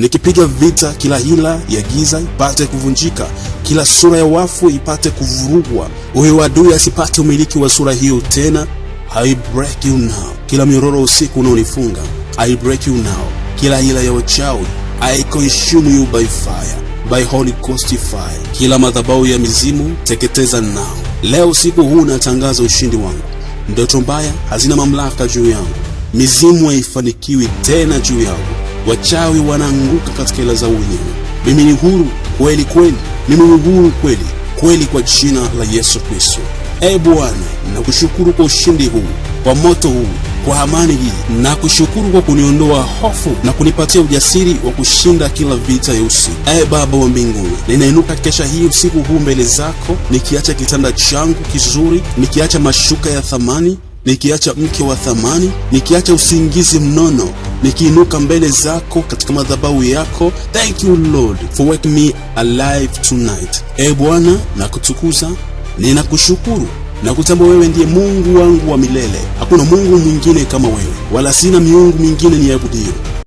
nikipiga vita kila hila ya giza ipate kuvunjika, kila sura ya wafu ipate kuvurugwa, huyo adui asipate umiliki wa sura hiyo tena. I break you now, kila mnyororo usiku unaonifunga I break you now, kila hila ya wachawi I consume you by fire, by Holy Ghost fire, kila madhabahu ya mizimu teketeza nao. Leo usiku huu natangaza ushindi wangu. Ndoto mbaya hazina mamlaka juu yangu, mizimu haifanikiwi tena juu yangu. Wachawi wanaanguka katika ila zao wenyewe. Mimi ni huru kweli kweli, mimi ni huru kweli kweli kwa jina la Yesu Kristo. E Bwana, nakushukuru kwa ushindi huu, kwa moto huu, kwa amani hii. Nakushukuru kwa kuniondoa hofu na kunipatia ujasiri wa kushinda kila vita ya usiku. E ee Baba wa mbinguni, ninainuka kesha hii usiku huu mbele zako, nikiacha kitanda changu kizuri, nikiacha mashuka ya thamani, nikiacha mke wa thamani, nikiacha usingizi mnono nikiinuka mbele zako katika madhabahu yako. Thank you Lord for wake me alive tonight. E Bwana, nakutukuza, ninakushukuru na kutamba wewe ndiye Mungu wangu wa milele. Hakuna Mungu mwingine kama wewe, wala sina miungu mingine niabudiyo.